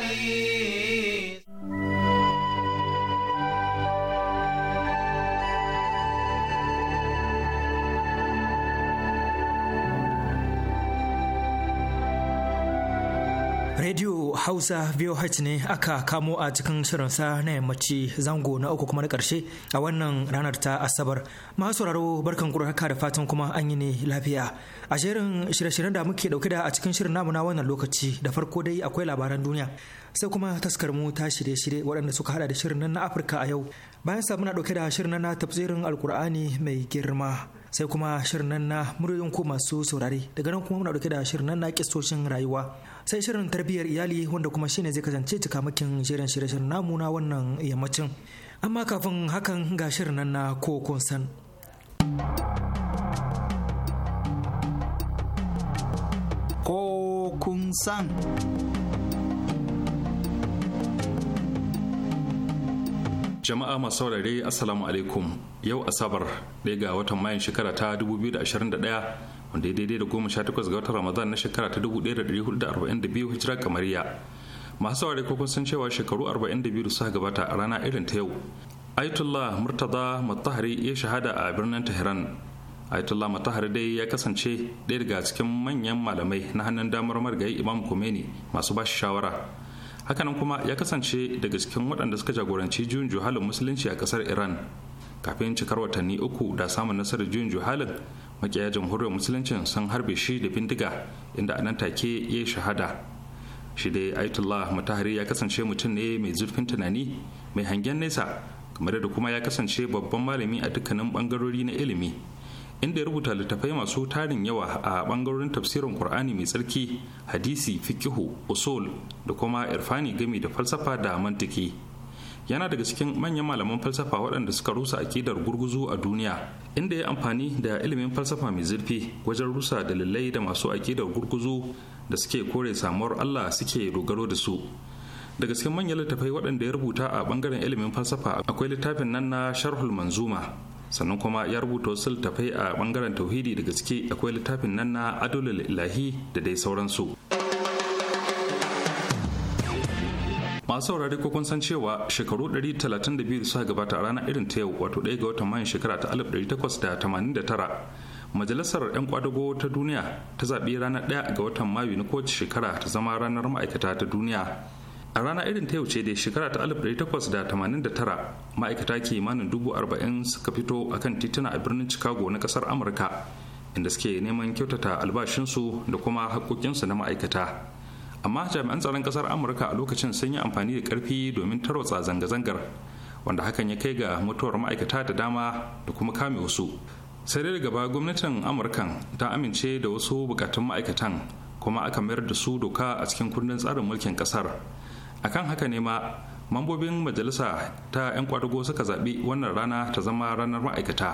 النبي Radio Hausa VOH ne aka kamo a cikin shirinsa na yammaci zango na uku kuma na karshe a wannan ranar ta Asabar. Masu sauraro barkan kura haka da fatan kuma an yi ne lafiya. A shirin shirye-shiryen da muke dauke da a cikin shirin namu na wannan lokaci da farko dai akwai labaran duniya. Sai kuma taskar mu ta shirye-shirye waɗanda suka hada da shirin nan na Afirka a yau. Bayan sa muna dauke da shirin nan na tafsirin Alkur'ani mai girma. Sai kuma shirin nan na muryoyin ku masu saurare. Daga nan kuma muna dauke da shirin nan na kistocin rayuwa. sai shirin tarbiyyar iyali wanda kuma shine zai kasance cikamakin shirin shirye-shiryen namu na wannan yammacin amma kafin hakan ga shirin nan na kokon san kokun san jama'a masu saurare assalamu alaikum yau asabar ɗaya ga watan mayan shekara ta 2021 wanda ya daidai da goma sha takwas ga watan ramadan na shekara ta dubu ɗaya da ɗari hudu da arba'in da biyu hijira kamariya masu saurari kokon sun cewa shekaru arba'in da biyu da suka gabata a rana irin ta yau Aitullah Murtaza Matahari ya shahada a birnin Tehran. Aitullah Matahari dai ya kasance ɗaya daga cikin manyan malamai na hannun damar marigayi Imam Khomeini masu bashi shawara. Hakanan kuma ya kasance daga cikin waɗanda suka jagoranci juyin juhalin musulunci a ƙasar Iran. Kafin cikar watanni uku da samun nasarar juyin juhalin makiya jamhuriyar musuluncin sun harbe shi da bindiga inda anan take ya shahada shi dai ayatollah mutahari ya kasance mutum ne mai zurfin tunani mai hangen nesa kamar da kuma ya kasance babban malami a dukkanin bangarori na ilimi inda ya rubuta littattafai masu tarin yawa a bangarorin tafsirin qur'ani mai tsarki hadisi fikihu usul da kuma irfani gami da falsafa da mantiki yana daga cikin manyan malaman falsafa waɗanda suka rusa akidar gurguzu a duniya inda ya amfani da ilimin falsafa mai zurfi wajen rusa dalilai da masu akidar gurguzu da suke kore samuwar allah suke dogaro da su daga cikin manyan littafai waɗanda ya rubuta a ɓangaren ilimin falsafa akwai littafin nan na sharhul manzuma sannan kuma ya rubuta wasu littafai a ɓangaren tauhidi daga gaske akwai littafin nan na adolul ilahi da dai sauransu. masu saurari ko kun san cewa shekaru 132 suka gabata a ranar irin ta yau wato ɗaya ga watan mayan shekara ta 1889 majalisar 'yan kwadago ta duniya ta zaɓi ranar ɗaya ga watan mayu na kowace shekara ta zama ranar ma'aikata ta duniya a rana irin ta yau ce da shekara ta 1889 ma'aikata kimanin dubu arba'in suka fito akan tituna a birnin chicago na kasar amurka inda suke neman kyautata albashinsu da kuma haƙoƙinsu na ma'aikata amma jami'an tsaron kasar amurka a lokacin sun yi amfani da karfi domin tarotsa zanga-zangar wanda hakan ya kai ga mutuwar ma'aikata da dama da kuma kame wasu sai dai gaba gaba gwamnatin amurkan ta amince da wasu bukatun ma'aikatan kuma aka mayar da su doka a cikin kundin tsarin mulkin kasar akan haka ne ma mambobin majalisa ta 'yan kwadago suka zaɓi wannan rana ta zama ranar ma'aikata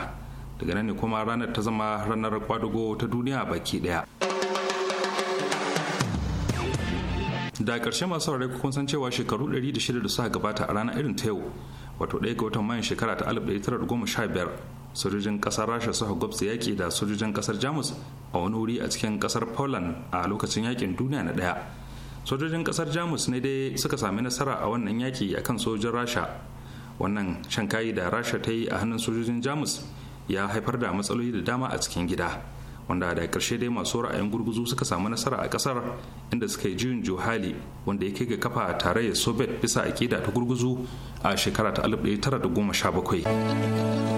daga nan ne kuma ranar ta zama ranar kwadago ta duniya baki ɗaya. da ƙarshe masu saurare kun san cewa shekaru 106 da suka gabata a ranar irin ta yau wato ɗaya ga watan mayan shekara ta 1915 sojojin ƙasar rasha suka gwabta yaƙi da sojojin ƙasar jamus a wani wuri a cikin ƙasar poland a lokacin yaƙin duniya na ɗaya sojojin ƙasar jamus ne dai suka sami nasara a wannan yaƙi a kan sojojin rasha wannan shan kayi da rasha ta yi a hannun sojojin jamus ya haifar da matsaloli da dama a cikin gida wanda da karshe dai masu ra'ayin gurguzu suka samu nasara a kasar inda suka yi juyin juhali wanda ya kai ga kafa tarayyar soviet bisa aƙida ta gurguzu a shekara ta alif tara goma sha bakwai.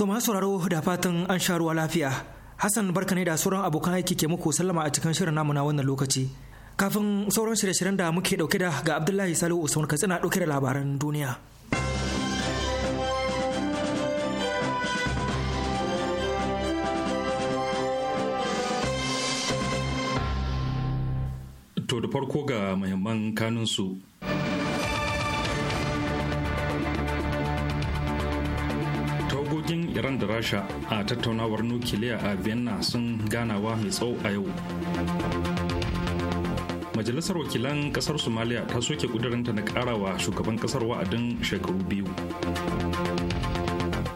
To ma sauraro da fatan an sha ruwa lafiya. Hassan barka ne da sauran abokan aiki ke muku sallama a cikin shirin namu na wannan lokaci. Kafin sauran shirye-shiryen da muke dauke da ga Abdullahi Salihu Usman Katsina dauke da labaran duniya. To da farko ga muhimman kanunsu iran da rasha a tattaunawar nukiliya a vienna sun ganawa mai tsawo a yau majalisar wakilan kasar somaliya ta soke kudurinta na karawa shugaban kasar wa'adin shekaru biyu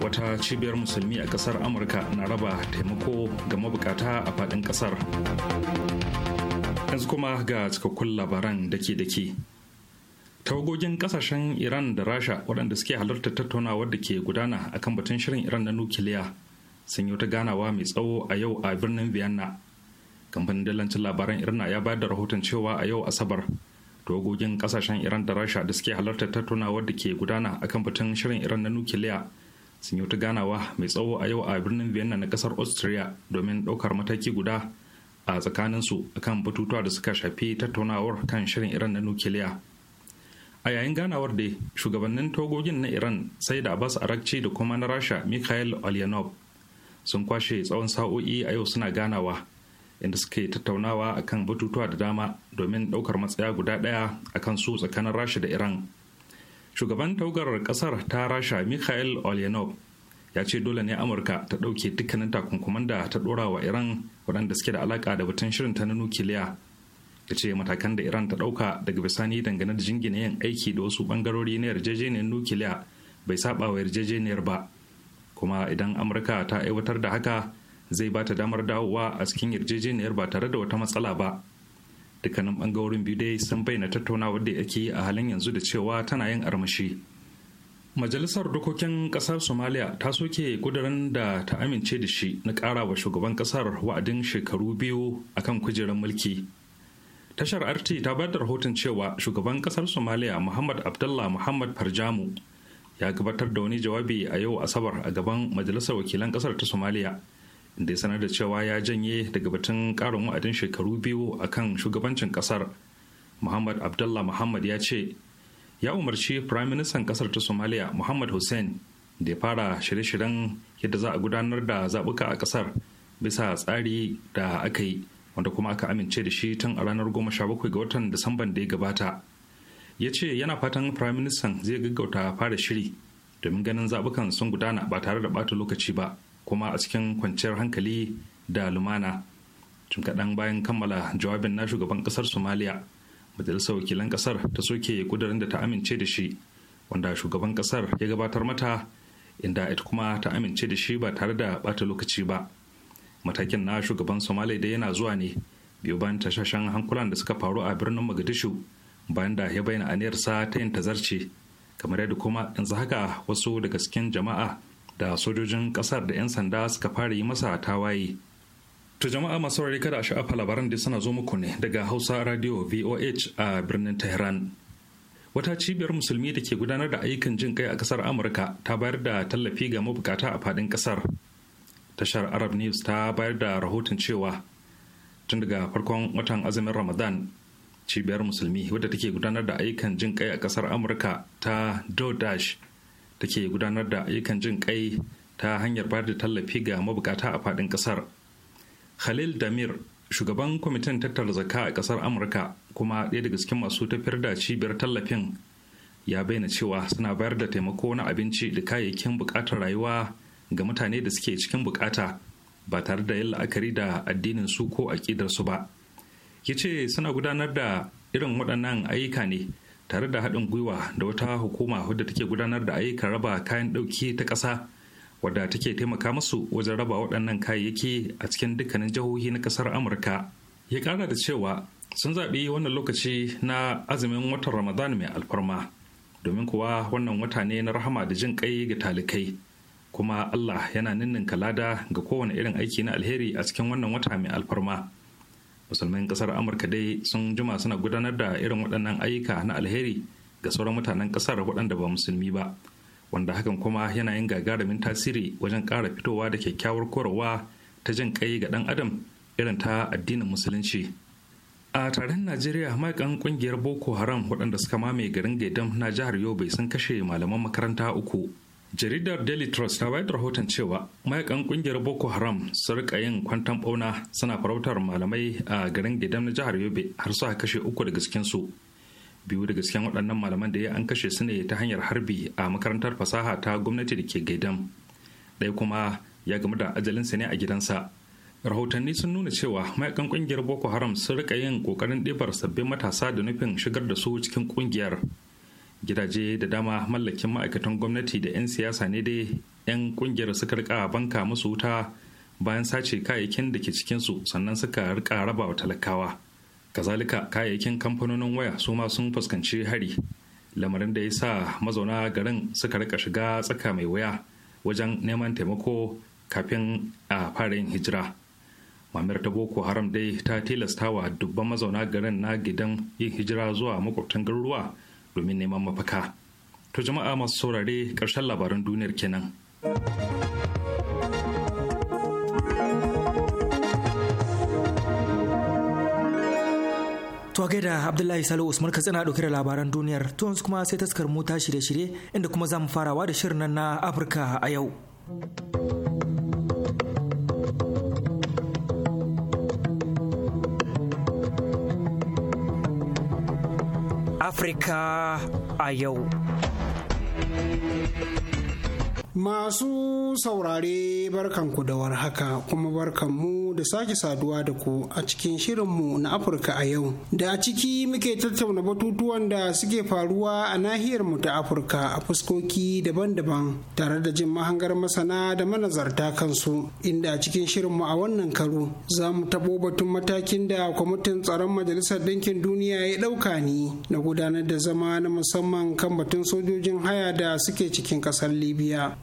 wata cibiyar musulmi a kasar amurka na raba taimako ga mabukata a faɗin kasar yanzu kuma ga cikakkun labaran dake-dake tawagogin kasashen iran da rasha waɗanda suke halartar tattaunawar da ke gudana akan batun shirin iran na nukiliya sun yi ta ganawa mai tsawo a yau a birnin vienna kamfanin dalancin labaran irna ya bayar da rahoton cewa a yau asabar tawagogin kasashen iran da rasha da suke halartar tattaunawar da ke gudana akan batun shirin iran na nukiliya sun yi ta ganawa mai tsawo a yau a birnin vienna na kasar austria domin ɗaukar mataki guda a tsakaninsu akan batutuwa da suka shafi tattaunawar kan shirin iran na nukiliya a yayin ganawar da shugabannin togogin na iran sai da abbas arakci da kuma na rasha mikhail olyanov sun kwashe tsawon sa'o'i a yau suna ganawa inda suke tattaunawa akan batutuwa da dama domin ɗaukar matsaya guda ɗaya akan su tsakanin rasha da iran shugaban taugar ƙasar ta rasha mikhail olyanov ya ce dole ne amurka ta ɗauke dukkanin takunkuman da ta ɗora wa iran waɗanda suke da alaƙa da batun shirin ta na nukiliya ya ce matakan da iran ta ɗauka daga bisani dangane da jingina yin aiki da wasu bangarori na yarjejeniyar nukiliya bai saba wa yarjejeniyar ba kuma idan amurka ta aiwatar da haka zai ba ta damar dawowa a cikin yarjejeniyar ba tare da wata matsala ba dukkanin bangarorin biyu dai sun bayyana tattaunawar da ake yi a halin yanzu da cewa tana yin armashi majalisar dokokin kasar Somaliya ta soke kudurin da ta amince da shi na kara wa shugaban kasar wa'adin shekaru biyu akan kujerar mulki tashar rt ta bayar da rahoton cewa shugaban kasar Somalia muhammad abdullah muhammad farjamu ya gabatar da wani jawabi a yau asabar a gaban majalisar wakilan kasar ta Somalia, inda ya sanar da cewa ya janye daga batun karin wa'adin shekaru biyu a kan shugabancin kasar muhammad abdullah muhammad ya ce ya umarci Prime Minister kasar ta Somalia muhammad hussein da ya fara shirye-shiryen yadda za a gudanar da zaɓuka a kasar bisa tsari da aka yi wanda kuma aka amince da shi tun a ranar goma sha 17 ga watan disamban da ya gabata ya ce yana fatan prime minister zai gaggauta fara shiri domin ganin zabukan sun gudana ba tare da bata lokaci ba kuma a cikin kwanciyar hankali da lumana tun kaɗan bayan kammala jawabin na shugaban ƙasar somalia majalisar wakilan ƙasar ta soke ƙudurin da ta amince da shi wanda shugaban ƙasar ya gabatar mata inda ita kuma ta amince da shi ba tare da bata lokaci ba matakin na shugaban somali da yana zuwa ne biyu bayan tashashen hankulan da suka faru a birnin mogadishu bayan da ya bayyana aniyarsa ta yin tazarce kamar yadda kuma yanzu haka wasu daga cikin jama'a da sojojin kasar da 'yan sanda suka fara yi masa tawaye to jama'a masu saurari kada a sha'afa labaran da suna zo muku ne daga hausa radio voh a birnin tehran wata cibiyar musulmi da ke gudanar da ayyukan jin kai a kasar amurka ta bayar da tallafi ga mabukata a faɗin kasar tashar arab news ta bayar da rahoton cewa tun daga farkon watan azumin ramadan cibiyar musulmi wadda take gudanar da ayyukan jin kai a kasar amurka ta dodash take gudanar da ayyukan jin kai ta hanyar bayar da tallafi ga mabukata a fadin kasar khalil damir shugaban kwamitin tattara zakka a kasar amurka kuma ɗaya daga cikin masu tafiyar da cibiyar tallafin ya bayyana cewa suna bayar da taimako na abinci da kayayyakin buƙatar rayuwa ga mutane da suke cikin bukata ba tare da yin la'akari da addinin su ko su ba ya ce suna gudanar da irin waɗannan ayyuka ne tare da haɗin gwiwa da wata hukuma wadda take gudanar da ayyukan raba kayan ɗauki ta ƙasa wadda take taimaka musu wajen raba waɗannan kayayyaki a cikin dukkanin jihohi na ƙasar amurka ya ƙara da cewa sun zaɓi wannan lokaci na azumin watan ramadan mai alfarma domin kuwa wannan wata ne na rahama da jin ƙai ga talikai kuma Allah yana ninnin kalada ga kowane irin aiki na alheri a cikin wannan wata mai alfarma. Musulmin ƙasar Amurka dai sun jima suna gudanar da irin waɗannan ayyuka na alheri ga sauran mutanen ƙasar waɗanda ba musulmi ba, wanda hakan kuma yana yin gagarumin tasiri wajen ƙara fitowa da kyakkyawar korowa ta jin ƙai ga ɗan adam irin ta addinin musulunci. A tarihin Najeriya maƙan ƙungiyar Boko Haram waɗanda suka mamaye garin Gaidam na jihar Yobe sun kashe malaman makaranta uku jaridar daily trust ta bayar da rahoton cewa mayakan kungiyar boko haram sun rika yin kwantan bauna suna farautar malamai a garin gidan na jihar yobe har su kashe uku daga cikinsu biyu daga cikin waɗannan malaman da ya an kashe su ne ta hanyar harbi a makarantar fasaha ta gwamnati da ke gaidan ɗaya kuma ya gamu da ajalinsa ne a gidansa rahotanni sun nuna cewa mayakan kungiyar boko haram sun rika yin kokarin ɗibar sabbin matasa da nufin shigar da su cikin kungiyar gidaje da dama mallakin ma'aikatan gwamnati da 'yan siyasa ne dai 'yan kungiyar suka rika banka musu wuta bayan sace kayayyakin da ke cikinsu sannan suka rika raba wa talakawa kazalika kayayyakin kamfanonin waya su ma sun fuskanci hari lamarin da ya sa mazauna garin suka rika shiga tsaka mai waya wajen neman taimako kafin a fara yin hijira mamir ta boko haram dai ta tilasta wa dubban mazauna garin na gidan yin hijira zuwa makwabtan garuruwa domin neman mafaka to jama'a masu saurare ƙarshen labaran duniyar kenan To da Abdullahi Salihu Usman Katsina ɗauke da labaran duniyar to yanzu kuma sai taskar mu ta shirye-shirye inda kuma zamu mu farawa da shirin nan na Afirka a yau. Afrika a yau. Masu saurare barkanku da warhaka kuma barkanmu da sake saduwa da ku a cikin shirin mu na Afirka a yau. Da a ciki muke tattauna batutuwan da suke faruwa a nahiyar mu ta Afirka a fuskoki daban-daban tare da jin mahangar masana da manazarta kansu inda a cikin shirinmu a wannan karo za mu taɓo batun matakin da kwamitin tsaron Majalisar Ɗinkin Duniya ya ɗauka ni na gudanar da zama na musamman kan batun sojojin haya da suke cikin ƙasar Libya.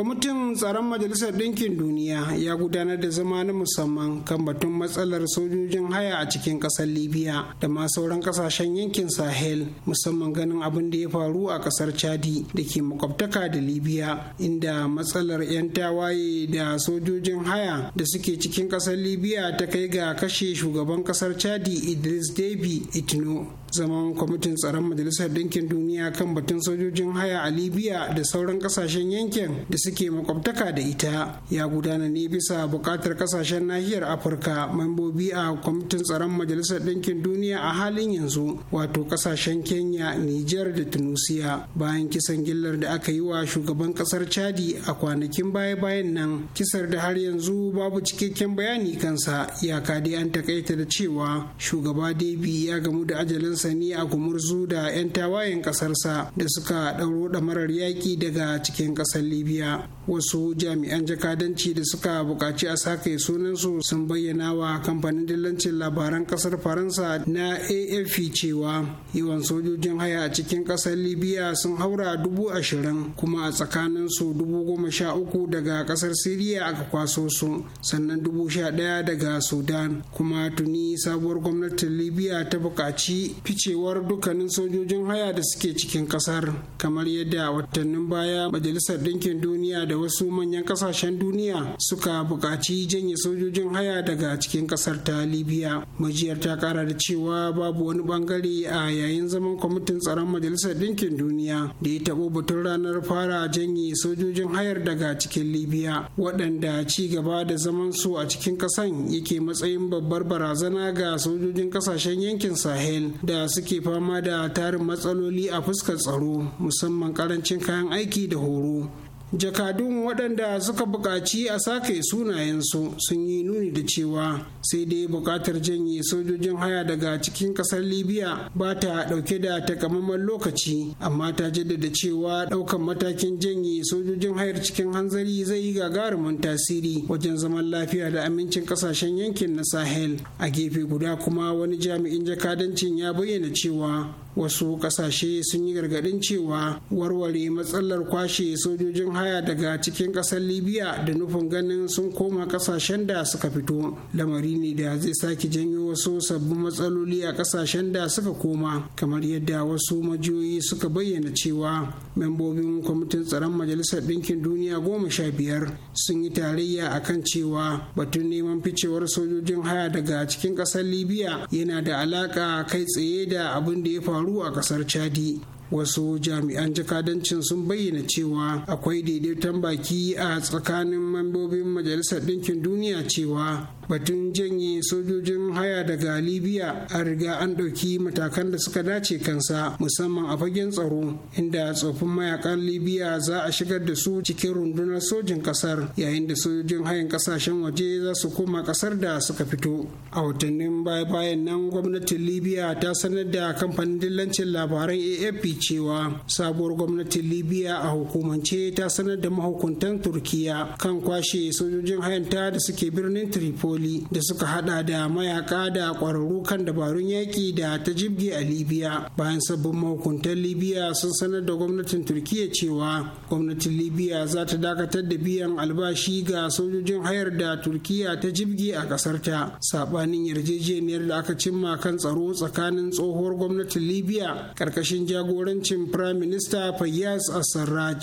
kwamitin tsaron majalisar ɗinkin duniya ya gudanar da zama na musamman kan batun matsalar sojojin haya a cikin ƙasar libya da ma sauran ƙasashen yankin sahel musamman ganin abin da ya faru a ƙasar chadi da ke makwabtaka da libya inda matsalar 'yan tawaye da sojojin haya da suke cikin ƙasar libya ta kai ga kashe shugaban ƙasar chadi idris debi itno zaman kwamitin tsaron majalisar ɗinkin duniya kan batun sojojin haya a libya da sauran kasashen yankin da suke makwabtaka da ita ya gudana ne bisa buƙatar kasashen nahiyar afirka mambobi a kwamitin tsaron majalisar ɗinkin duniya a halin yanzu wato kasashen kenya niger da Tunisia- bayan kisan gillar da aka yi wa shugaban ƙasar chadi a kwanakin baya-bayan nan kisar da har yanzu babu cikakken bayani kansa ya dai an takaita da cewa shugaba debi ya gamu da ajalin sani a gumurzu da 'yan tawayen ƙasarsa da suka ɗauro ɗamarar yaƙi daga cikin ƙasar libya wasu jami'an jakadanci da suka buƙaci a sake sunansu sun bayyana wa kamfanin dillancin labaran ƙasar faransa na afp cewa yawan sojojin haya a cikin ƙasar libya sun haura dubu ashirin kuma a tsakanin su dubu goma sha uku daga ƙasar siriya aka kwaso su sannan dubu sha ɗaya daga sudan kuma tuni sabuwar gwamnatin libya ta buƙaci ficewar dukkanin sojojin haya da suke cikin kasar kamar yadda watannin baya majalisar ɗinkin duniya da wasu manyan kasashen duniya suka buƙaci janye sojojin haya daga cikin kasar ta libya majiyar ta ƙara da cewa babu wani bangare a yayin zaman kwamitin tsaron majalisar ɗinkin duniya da ya taɓo batun ranar fara janye sojojin hayar daga cikin libya waɗanda ci gaba da zaman su a cikin ƙasan yake matsayin babbar barazana ga sojojin ƙasashen yankin sahel da da suke fama da tarin matsaloli a fuskar tsaro musamman karancin kayan aiki da horo jakadun waɗanda suka buƙaci a sake sunayensu sun yi nuni da cewa sai dai buƙatar janye sojojin haya daga cikin ƙasar libya ba ta ɗauke da takamaiman lokaci amma ta jaddada cewa ɗaukan matakin janye sojojin hayar cikin hanzari zai yi gagarumin tasiri wajen zaman lafiya da amincin ƙasashen yankin na sahel a gefe guda kuma wani jami'in jakadancin ya bayyana cewa wasu kasashe sun yi gargadin cewa warware matsalar kwashe sojojin haya daga cikin kasar libya da nufin ganin sun koma kasashen da suka fito lamari ne da zai sake janyo wasu sabbin matsaloli a kasashen da suka koma kamar yadda wasu majiyoyi suka bayyana cewa membobin kwamitin tsaron majalisar ɗinkin duniya goma sha biyar sun yi tarayya akan cewa batun neman ficewar sojojin haya daga cikin kasar libya yana da alaka kai tsaye da abin da ya faru faru a kasar chadi wasu jami'an jakadancin sun bayyana cewa akwai daidaiton baki a tsakanin mambobin majalisar ɗinkin duniya cewa batun janye sojojin haya daga libya a riga an ɗauki matakan da suka dace kansa musamman a fagen tsaro inda tsofin mayakan libya za a shigar da su cikin rundunar sojin ƙasar yayin da sojojin hayan ƙasashen waje za su koma ƙasar da suka fito a watannin baya bayan nan gwamnatin libya ta sanar da kamfanin dillancin labaran afp cewa sabuwar gwamnatin libya a hukumance ta sanar da mahukuntan turkiya kan kwashe sojojin hayanta da suke birnin tripoli matsaloli da suka hada da mayaka da kwararru kan dabarun yaƙi da ta jibge a libya bayan sabbin mahukuntan libya sun sanar da gwamnatin turkiya cewa gwamnatin libya za ta dakatar da biyan albashi ga sojojin hayar da turkiya ta jibge a ƙasarta saɓanin yarjejeniyar da aka cimma kan tsaro tsakanin tsohuwar gwamnatin libya ƙarƙashin jagorancin firaminista fayyaz assarraj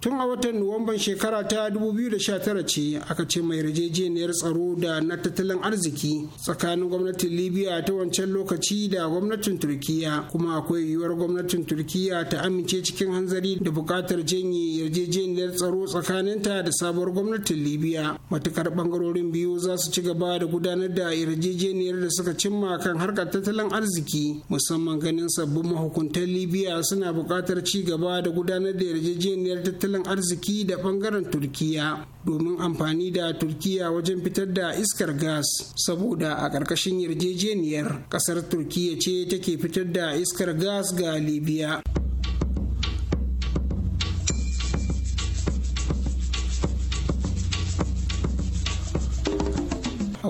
tun a watan nuwamban shekara ta 2019 ce aka ce mai yarjejeniyar tsaro da na tattalin arziki tsakanin gwamnatin libya ta wancan lokaci da gwamnatin turkiya kuma akwai yiwuwar gwamnatin turkiya ta amince cikin hanzari da bukatar janye yarjejeniyar tsaro tsakaninta da sabuwar gwamnatin libya matukar bangarorin biyu za su ci gaba da gudanar da yarjejeniyar da suka cimma kan harkar tattalin arziki musamman ganin sabbin mahukuntan libya suna bukatar ci gaba da gudanar da yarjejeniyar tattalin tattalin arziki da bangaren turkiya domin amfani da turkiya wajen fitar da iskar gas saboda a ƙarƙashin yarjejeniyar ƙasar turkiya ce take fitar da iskar gas ga libya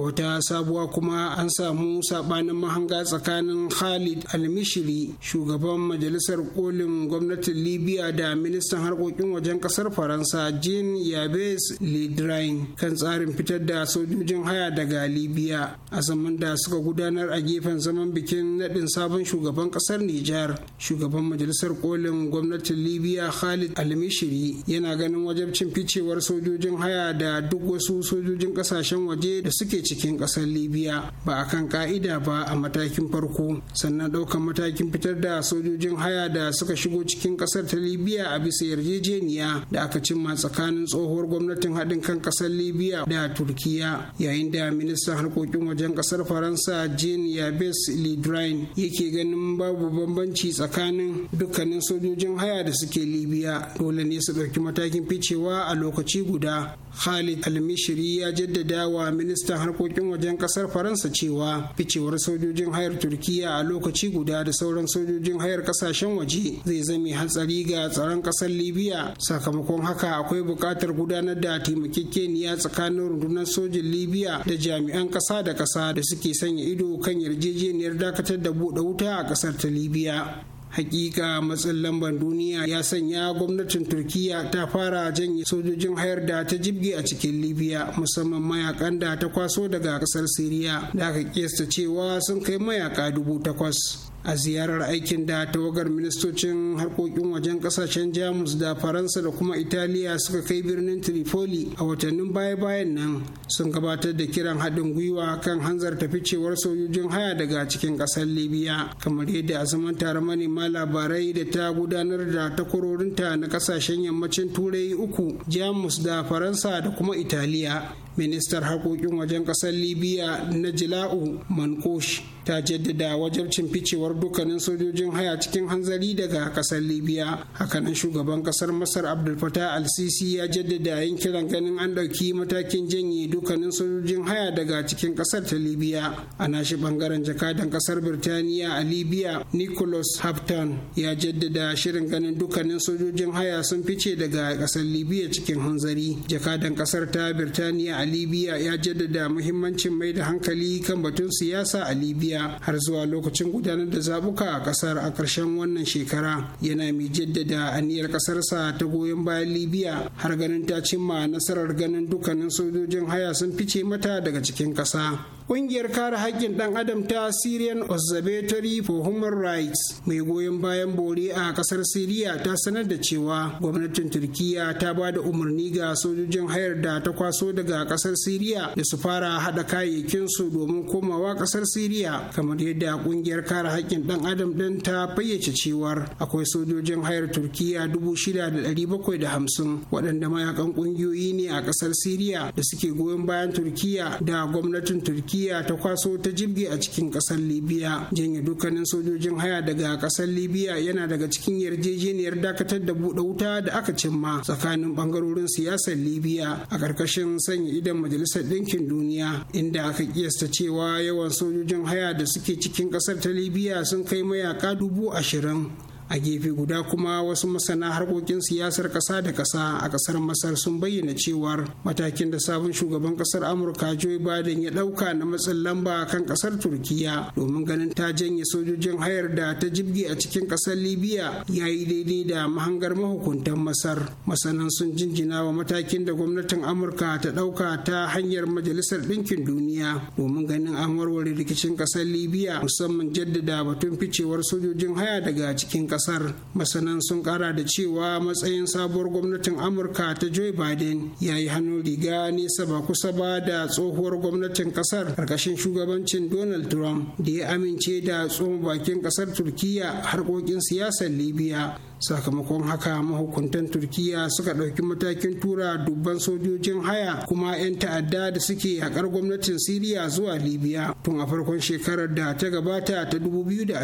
wata sabuwa kuma an samu sabanin mahanga tsakanin khalid almishiri shugaban majalisar kolin gwamnatin libya da ministan harkokin wajen kasar faransa jean yabes Drian, kan tsarin fitar da sojojin haya daga libya a zaman da suka gudanar a gefen zaman bikin naɗin sabon shugaban kasar nijar shugaban majalisar kolin gwamnatin libya khalid almishiri yana ganin wajabcin ficewar sojojin haya da duk wasu sojojin kasashen waje da suke ciki cikin ƙasar libya ba a kan ka'ida ba a matakin farko sannan ɗaukar matakin fitar da sojojin haya da suka shigo cikin ƙasar ta libya a bisa yarjejeniya da aka cimma tsakanin tsohuwar gwamnatin haɗin kan ƙasar libya da turkiya yayin da ministan harkokin wajen ƙasar faransa jean yabes lidrine yake ganin babu bambanci tsakanin dukkanin sojojin haya da suke libya dole ne su ɗauki matakin ficewa a lokaci guda khalid almishiri ya jaddada wa ministan harkokin harkokin wajen kasar faransa cewa ficewar sojojin hayar turkiya a lokaci guda da sauran sojojin hayar kasashen waje zai zame hatsari ga tsaron kasar libya sakamakon haka akwai buƙatar gudanar da taimakekeniya tsakanin rundunar sojin libya da jami'an ƙasa da ƙasa da suke sanya ido kan yarjejeniyar dakatar da buɗe wuta a ƙasar ta libya hakika matsin lambar duniya ya sanya gwamnatin turkiya ta fara janye sojojin hayar da ta jibge a cikin libya musamman mayakan da ta kwaso daga kasar siriya da aka kiyasta cewa sun kai mayaka dubu takwas a ziyarar aikin da tawagar ministocin harkokin wajen kasashen jamus da faransa da kuma italiya suka kai birnin tripoli a watannin baya-bayan nan sun gabatar da kiran haɗin gwiwa kan hanzarta ficewar sojojin haya daga cikin ƙasar libya kamar yadda a zaman tare manema labarai da ta gudanar da takwarorinta na ƙasashen yammacin turai uku jamus da faransa da kuma italiya ministar harkokin wajen ƙasar libya na jila'u mankosh ta jaddada wajabcin ficewar janyewar dukkanin sojojin haya cikin hanzari daga kasar libya hakanan shugaban kasar masar abdul fatah al-sisi ya jaddada yin kiran ganin an ɗauki matakin janye dukkanin sojojin haya daga cikin kasar ta libya a nashi bangaren jakadan kasar birtaniya a libya nicholas hampton ya jaddada shirin ganin dukkanin sojojin haya sun fice daga kasar libya cikin hanzari jakadan kasar ta birtaniya a libya ya jaddada muhimmancin mai da hankali kan batun siyasa a libya har zuwa lokacin gudanar da da zabuka a kasar a ƙarshen wannan shekara yana mai jaddada aniyar ƙasarsa ta goyon bayan libya har ganin ta cimma nasarar ganin dukkanin sojojin haya sun fice mata daga cikin ƙasa Ƙungiyar kare haƙƙin ɗan adam ta Syrian Observatory for Human Rights mai goyon bayan bore a ƙasar Syria ta sanar da cewa gwamnatin Turkiyya ta ba da umarni ga sojojin hayar da ta kwaso daga ƙasar Syria da su fara haɗa kayayyakinsu domin komawa ƙasar Syria kamar yadda ƙungiyar kare hakkin ɗan adam ɗin ta fayyace cewar akwai sojojin hayar turkiya dubu shida ɗari bakwai da hamsin waɗanda mayakan ƙungiyoyi ne a ƙasar siriya da suke goyon bayan turkiya da gwamnatin turkiya ta kwaso ta jirgi a cikin ƙasar libya janye dukkanin sojojin haya daga ƙasar libya yana daga cikin yarjejeniyar dakatar da buɗe wuta da aka cimma tsakanin ɓangarorin siyasar libya a ƙarƙashin sanya idan majalisar ɗinkin duniya inda aka kiyasta cewa yawan sojojin haya da suke cikin ƙasar ta libya sun kai mayaka dubu ashirin a gefe guda kuma wasu masana harkokin siyasar ƙasa da ƙasa a ƙasar masar sun bayyana cewar matakin da sabon shugaban ƙasar amurka joe biden ya ɗauka na matsin lamba kan ƙasar turkiya domin ganin ta janye sojojin hayar da ta jibge a cikin ƙasar libya ya yi daidai da mahangar mahukuntan masar masanan sun jinjina wa matakin da gwamnatin amurka ta ɗauka ta hanyar majalisar ɗinkin duniya domin ganin an warware rikicin ƙasar libya musamman jaddada batun ficewar sojojin haya daga cikin ƙasar kasar masanan sun kara da cewa matsayin sabuwar gwamnatin amurka ta joe biden ya yi hannu riga nesa ba kusa ba da tsohuwar gwamnatin kasar karkashin shugabancin donald trump da ya amince da tsohon bakin kasar turkiya harkokin siyasar libya sakamakon haka mahukuntan turkiya suka ɗauki matakin tura dubban sojojin haya kuma 'yan ta'adda da suke haƙar gwamnatin siriya zuwa libya tun a farkon shekarar da ta gabata ta 2020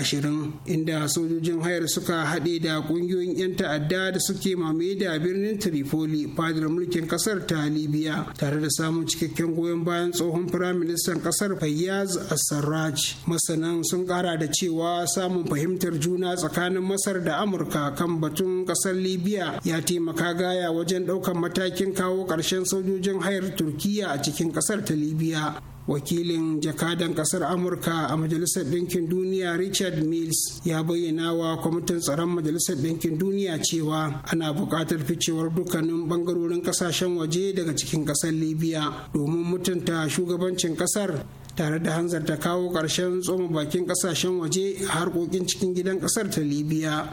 inda sojojin hayar suka suka haɗe da ƙungiyoyin 'yan ta'adda da suke mamaye da birnin tripoli fadar mulkin ƙasar ta libya tare da samun cikakken goyon bayan tsohon firaministan ƙasar fayyaz assarraj masanan sun ƙara da cewa samun fahimtar juna tsakanin masar da amurka kan batun ƙasar libya ya taimaka gaya wajen ɗaukar matakin kawo ƙarshen sojojin hayar turkiya a cikin ƙasar ta libya wakilin jakadan kasar amurka a majalisar ɗinkin duniya richard mills ya bayyana wa kwamitin tsaron majalisar ɗinkin duniya cewa ana buƙatar ficewar dukkanin ɓangarorin ƙasashen waje daga cikin ƙasar libya domin mutunta shugabancin ƙasar tare da hanzarta kawo ƙarshen tsoma bakin ƙasashen waje a harkokin cikin gidan ƙasar ta libya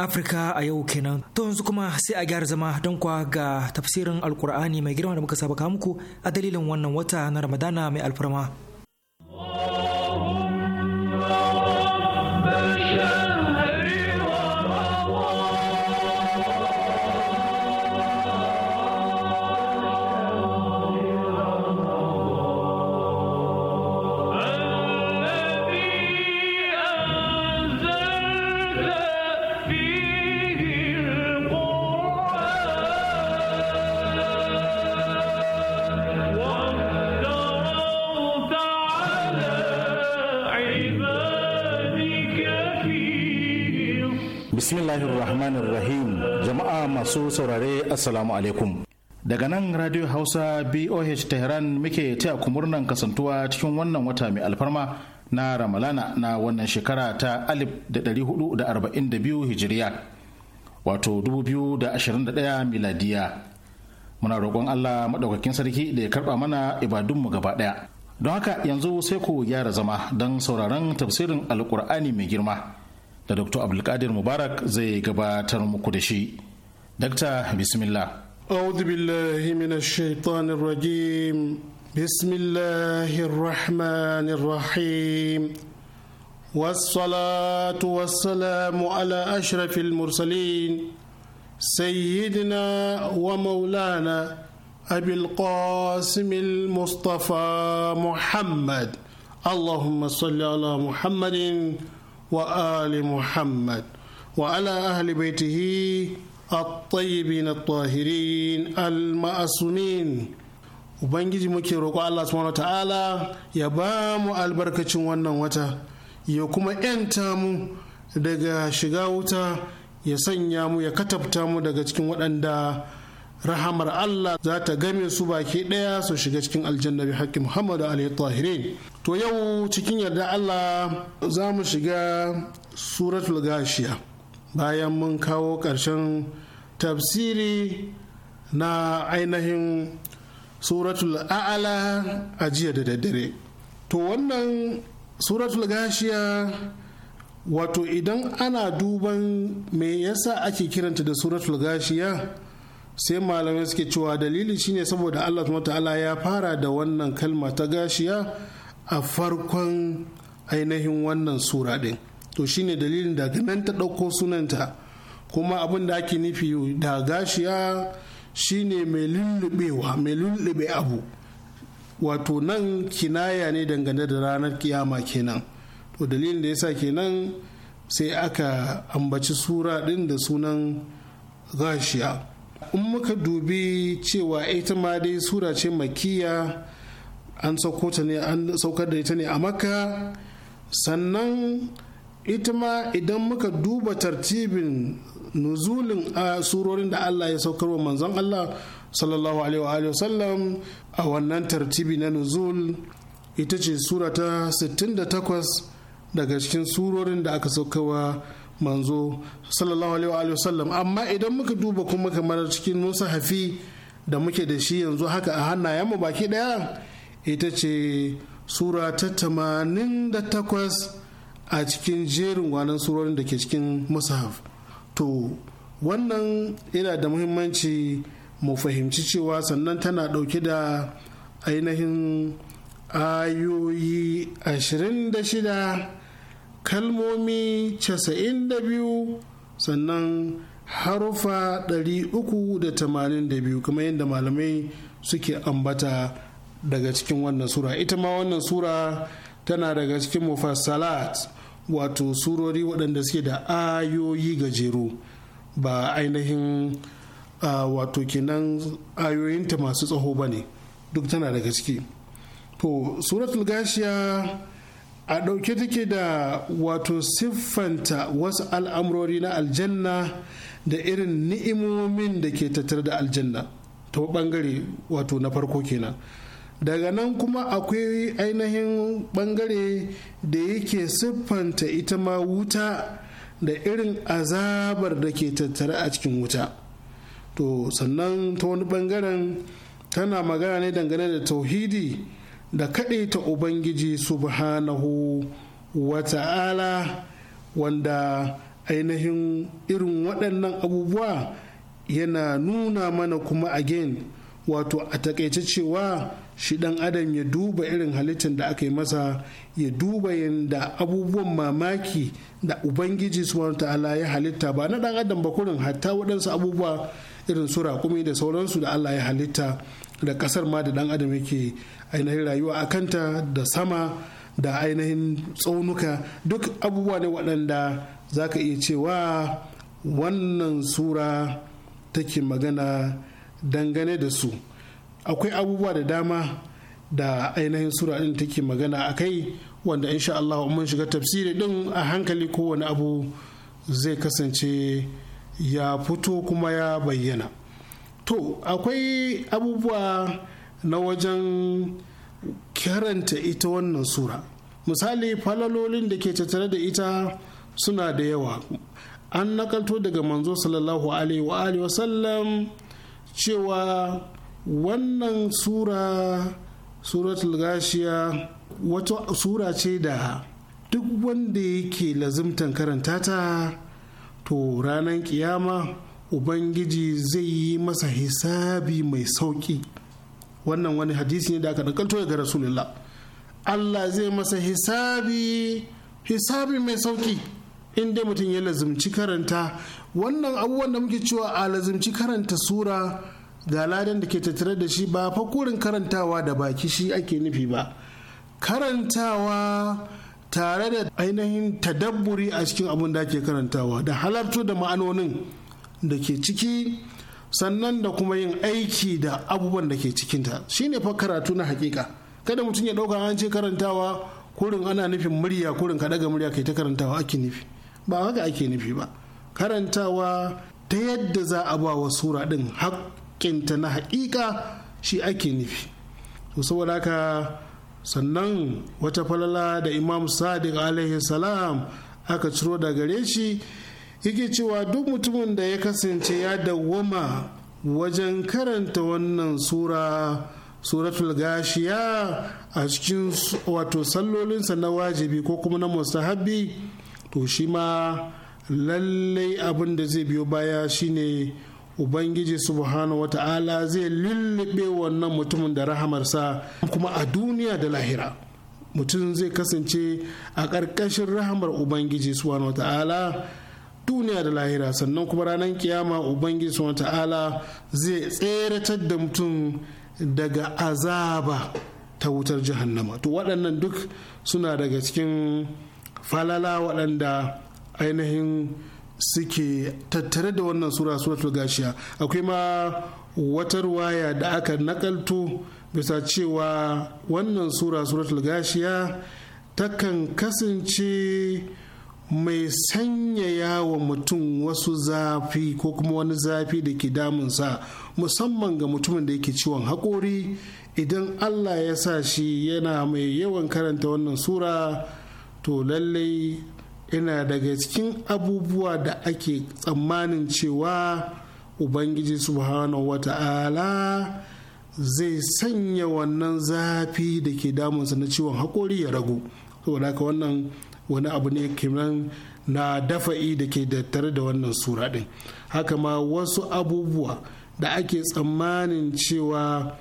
Afirka a yau kenan. To yanzu kuma sai a gyara zama don kwa ga tafsirin Alkur'ani mai girma da muka saba muku a dalilin wannan wata na Ramadana mai alfarma. masu saurare assalamu alaikum daga nan radio hausa boh tehran muke taya ku murnan kasantuwa cikin wannan wata mai alfarma na ramalana na wannan shekara ta 1442 hijiriya wato 2021 miladiya muna roƙon allah maɗaukakin sarki da ya karɓa mana ibadunmu gaba ɗaya don haka yanzu sai ku gyara zama don sauraron tafsirin alƙur'ani mai girma da dr abdulkadir mubarak zai gabatar muku da shi. بسم الله أعوذ بالله من الشيطان الرجيم بسم الله الرحمن الرحيم والصلاة والسلام على أشرف المرسلين سيدنا ومولانا أبي القاسم المصطفى محمد اللهم صل على محمد وآل محمد وعلى أهل بيته الطيبين الطاهرين المعصومين ubangiji muke roƙo Allah subhanahu ta'ala ya ba mu albarkacin wannan wata ya kuma ‘yanta mu daga shiga wuta ya sanya mu ya katabta mu daga cikin waɗanda rahamar Allah za ta game su baki ɗaya su shiga cikin aljanna bi haƙƙi Muhammad alayhi to yau cikin yarda Allah za mu shiga suratul gashiya bayan mun kawo ƙarshen tafsiri na ainihin suratul a'ala a jiya da daddare to wannan suratul gashiya wato idan ana duban me yasa ake kiranta da suratul gashiya sai malamai suke cewa dalili shine saboda allah ta'ala ya fara da wannan kalma ta gashiya a farkon ainihin wannan sura ɗin. to shine dalilin daga nan ta ɗauko sunanta kuma abin da ake nufi da gashiya shine mai lullubewa mai lullube abu wato nan kinaya ne dangane da ranar kiyama kenan to dalilin da yasa kenan sai aka ambaci sura ɗin da sunan gashiya in muka dubi cewa ita ma dai sura ce makiya an saukar da ita ne a makka sannan ita ma idan muka duba tartibin nuzulin a surorin da Allah ya saukar wa manzon Allah sallallahu alaihi wa sallam a wannan tartibi na nuzul ita ce sura ta 68 daga cikin surorin da aka wa manzo sallallahu alaihi wa sallam amma idan muka duba kuma kamar cikin hafi da muke da shi yanzu haka a hannayen mu baki daya ita ce sura ta 88 a cikin jerin wannan surorin da ke cikin musahaf to wannan yana da muhimmanci mu fahimci cewa sannan tana ɗauke da ainihin ayoyi 26 kalmomi 92 sannan harufa 382 kamar yadda malamai suke ambata daga cikin wannan sura ita ma wannan sura tana daga cikin mufassalat wato surori waɗanda suke da ayoyi gajeru ba ainihin wato kenan ayoyinta masu tsaho ba ne duk tana daga ciki to suratul gashiya a ɗauke take da wato siffanta wasu al'amurori na aljanna da irin ni'imomin da ke tattare da aljanna ta ɓangare wato na farko kenan daga nan kuma akwai ainihin bangare da yake siffanta ita ma wuta da irin azabar da ke tattare a cikin wuta to sannan ta wani bangaren tana magana ne dangane da tauhidi da ta ubangiji subhanahu wa ta'ala wanda ainihin irin waɗannan abubuwa yana nuna mana kuma again wato a takaice cewa shi dan adam ya duba irin halittar da aka yi masa ya duba yadda abubuwan mamaki da ubangiji subhanahu ta'ala ya halitta ba na dan adam ba kurin hatta waɗansu abubuwa irin su raƙumi da sauransu da Allah ya halitta da ƙasar ma da dan adam yake ainihin rayuwa a kanta da sama da ainihin tsaunuka duk abubuwa ne waɗanda za ka iya cewa wannan sura take magana dangane da su. akwai abubuwa da dama da ainihin sura din take magana a kai wanda insha Allah mun shiga tafsiri din a hankali kowane abu zai kasance ya fito kuma ya bayyana to akwai abubuwa na wajen karanta ita wannan sura misali falalolin da ke tattare da ita suna da yawa an nakalto daga manzo sallallahu alaihi wa sallam cewa wannan sura suratul gashiya wata sura ce da duk wanda yake lazimtan karanta ta to ranar kiyama ubangiji zai yi masa hisabi mai sauki wannan wani hadisi ne da aka nakalto ga rasulullah allah zai masa hisabi hisabi mai sauki inda mutum ya lazimci karanta wannan abubuwan da muke cewa a lazimci karanta sura ga ladan da ke tattare da shi ba fa kurin karantawa da baki shi ake nufi ba karantawa tare da ainihin tadabburi a cikin abin da ake karantawa da halartu da ma'anonin da ke ciki sannan da kuma yin aiki da abubuwan da ke cikinta shine fa karatu na hakika kada mutum ya ɗauka an ce karantawa kurin ana nufin murya kurin ka daga murya kai ta karantawa ake nufi ba haka ake nufi ba karantawa ta yadda za a ba wa sura din haƙƙinta na haƙiƙa shi ake nufi to saboda haka sannan wata falala da imam sadiq alaihi salam aka ciro da gare shi yake cewa duk mutumin da ya kasance ya dawwama wajen karanta wannan sura suratul gashiya a cikin wato sallolinsa na wajibi ko kuma na mustahabbi to shi ma lallai abin da zai biyo baya shine ubangiji subhanahu ta’ala zai lullube wannan mutumin da rahamarsa kuma a duniya da lahira mutum zai kasance a ƙarƙashin rahamar ubangiji subhanahu ta’ala duniya da lahira sannan kuma ranar kiyama ubangiji subhanahu ta’ala zai tseratar da mutum daga azaba ta wutar jahannama to waɗannan duk suna daga cikin falala waɗanda ainihin suke tattare da wannan sura suratul gashiya akwai ma wata ruwaya da aka nakalto bisa cewa wannan sura suratul gashiya takan kasance mai sanyaya wa mutum wasu zafi ko kuma wani zafi da ke damunsa musamman ga mutumin da yake ciwon haƙori idan allah ya sa shi yana mai yawan karanta wannan sura to lallai yana daga cikin abubuwa da ake tsammanin cewa ubangiji subhanahu wata'ala zai sanya wannan zafi da ke damunsa na ciwon haƙori ya ragu saboda haka wannan wani abu ne kimanin na dafa'i da ke tare da wannan sura ɗin haka ma wasu abubuwa da ake tsammanin cewa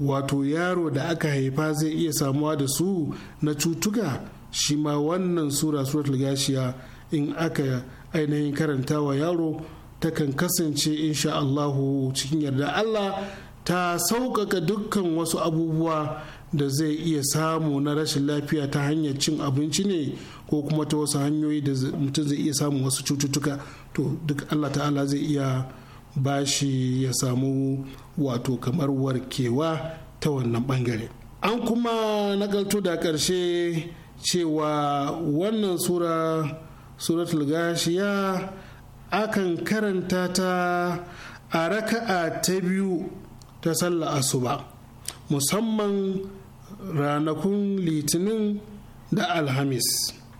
wato yaro da aka haifa zai iya samuwa da su na cutuka shi ma wannan sura suratul gashiya in aka ainihin karantawa yaro ta kan kasance insha Allahu cikin yarda Allah ta sauƙaƙa dukkan wasu abubuwa da zai iya samu na rashin lafiya ta hanyar cin abinci ne ko kuma ta wasu hanyoyi da mutum zai iya samun wasu cututtuka to duk Allah ta'ala zai iya bashi ya samu wato kamar warkewa ta wannan bangare an kuma nagalto da ƙarshe cewa wannan sura suratul gashiya akan karanta ta a raka'a ta biyu ta sallah asuba musamman ranakun litinin da alhamis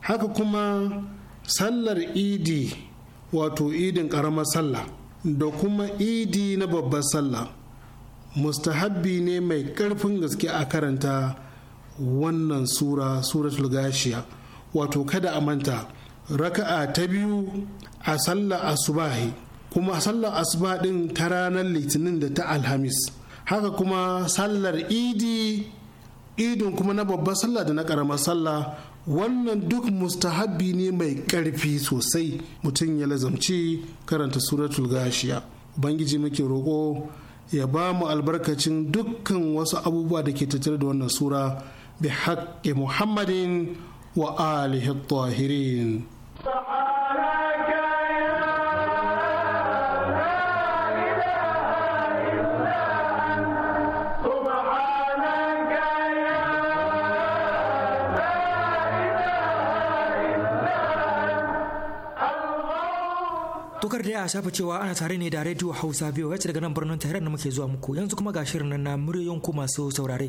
haka kuma sallar idi wato idin ƙaramar sallah da kuma idi na babbar sallah mustahabbi ne mai ƙarfin gaske a karanta wannan sura suratul gashiya wato kada a manta raka'a ta biyu a sallar asubahi kuma sallar asuba din ta ranar litinin da ta alhamis haka kuma sallar idi idin kuma na babbar sallah da na karamar sallah wannan duk mustahabbi ne mai karfi sosai mutum ya lazamci karanta suratul gashiya bangiji muke roƙo ya ba mu albarkacin dukkan wasu abubuwa da ke tattare da wannan sura بحق محمد وآله الطاهرين Tukar da ya shafa cewa ana tare ne da Radio Hausa biyu wacce daga nan birnin Tehran da muke zuwa muku yanzu kuma ga shirin na muryoyin ku masu saurare.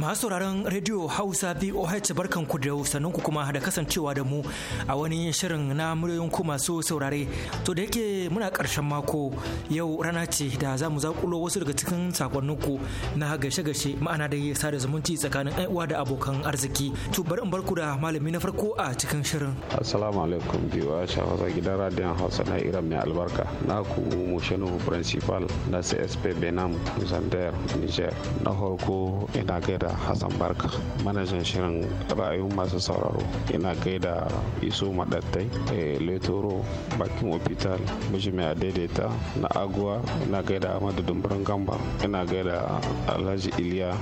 Masu sauraron Radio Hausa BOH ku da sannan ku kuma da kasancewa da mu a wani shirin na muryoyin ku masu saurare. To da yake muna karshen mako yau rana ce da za mu zakulo wasu daga cikin sakonninku na gashe-gashe ma'ana da ya sada zumunci tsakanin uwa da abokan arziki. To bari in ku da malami na farko a cikin shirin. Assalamu alaikum BOH Hausa gidan radiyon Hausa na Iran mai albarka. Na ku Moshenu Principal na CSP Benam Zander Niger. Na farko ina gaida hassan barka manajan shirin ra'ayoyin masu sauraro ina gaida iso madattai eh, letoro bakin ofital mishi mai daidaita na aguwa ina gaida amadu dumburin gamba ina gaida alhaji iliya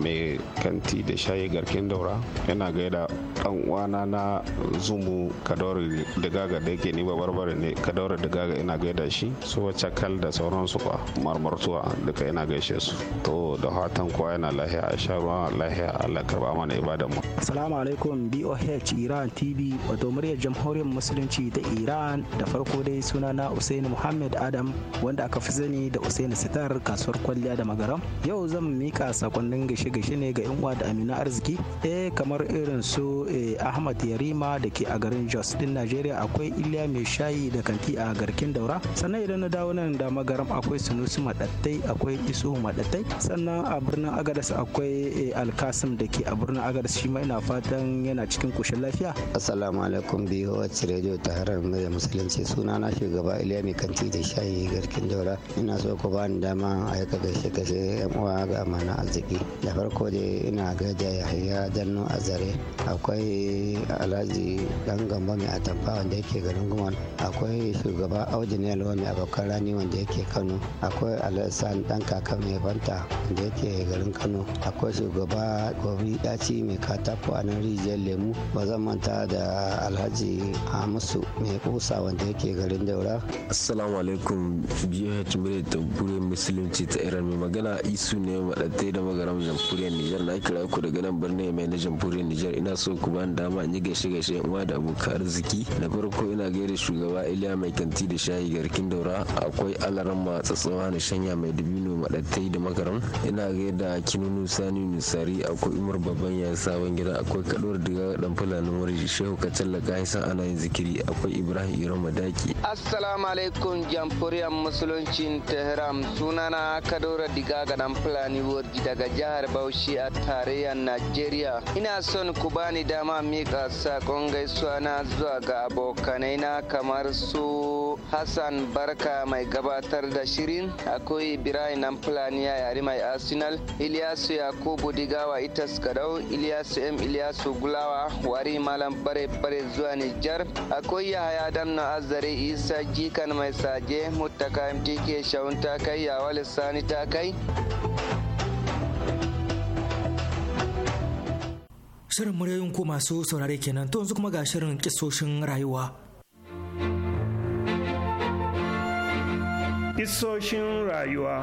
mai kanti da shayi garkin daura ina gaida dan uwana na zumu kadori gaga da yake ni ba barbare ne kadori gaga ina gaida shi su wacce kal da sauransu kwa marmartuwa duka ina gaishe su to da hatan kuwa yana lahiya a sha zama lahiya Allah karba mana ibadan mu assalamu alaikum BOH Iran TV wato muryar jamhuriyar musulunci ta Iran da farko dai sunana Usaini Muhammad Adam wanda aka fi sani da Usaini Sitar kasuwar kwalliya da magaram yau zan mika sakonnin gashe-gashe ne ga yan uwa da amina arziki eh kamar irin su eh, Ahmad Yarima da ke a garin Jos din Najeriya akwai Iliya mai shayi da kanti a garkin Daura sannan idan na dawo nan da magaram akwai Sunusi Madattai akwai Isu Madattai sannan a birnin Agadas akwai alkasim da ke a birnin agadas shi ma ina fatan yana cikin kushin lafiya assalamu alaikum biyu radio ta harar murya musulunci suna na shugaba iliya mai kanti da shayi garkin daura ina so ku bani dama a yi gaishe gaishe yan uwa ga amana arziki da farko dai ina gaida yahaya danno zare akwai alhaji dan gamba mai atamfa wanda yake garin guman akwai shugaba audu ne mai abokan rani wanda yake kano akwai alhassan dan kaka mai fanta wanda yake garin kano akwai shugaba gwabri ce mai katako a nan rijiyar lemu ba zan manta da alhaji hamisu mai kusa wanda yake garin daura assalamu alaikum jihar ta gure musulunci ta iran mai magana isu ne maɗatai da magaram jamhuriyar nijar na kira ku daga nan birnin mai na jamhuriyar nijar ina so ku bani dama in yi gaishe gaishe uwa da abokan arziki na farko ina gaida shugaba iliya mai kanti da shayi garkin daura akwai alaran matsatsawa na shanya mai dubino maɗatai da magaram ina gaida kinunu sani Sari akwai Umar Baban ya sabon gida akwai Kador Diga dan Fulani Murji Shehu Katsalla Gaisa ana yin zikiri akwai Ibrahim Iro Madaki. Assalamu alaikum jamhuriyar musuluncin Tehran sunana Kadora Diga ga dan Fulani Murji daga jihar Bauchi a tarayyar Najeriya. Ina son ku bani dama miƙa sakon gaisuwa na zuwa ga abokanai na kamar su Hassan Barka mai gabatar da shirin akwai Ibrahim dan Fulani ya yari mai Arsenal Ilyasu Yakubu digawa ita kadau ilyasu m ilyasu gulawa wari malam bare bare zuwa nijar akwai yahaya damna azare isa jikan mai saje mutaka mtk shawun ta kai yawa lissani ta kai shirin muryoyin ku masu saurare kenan to yanzu kuma ga shirin kisoshin rayuwa kisoshin rayuwa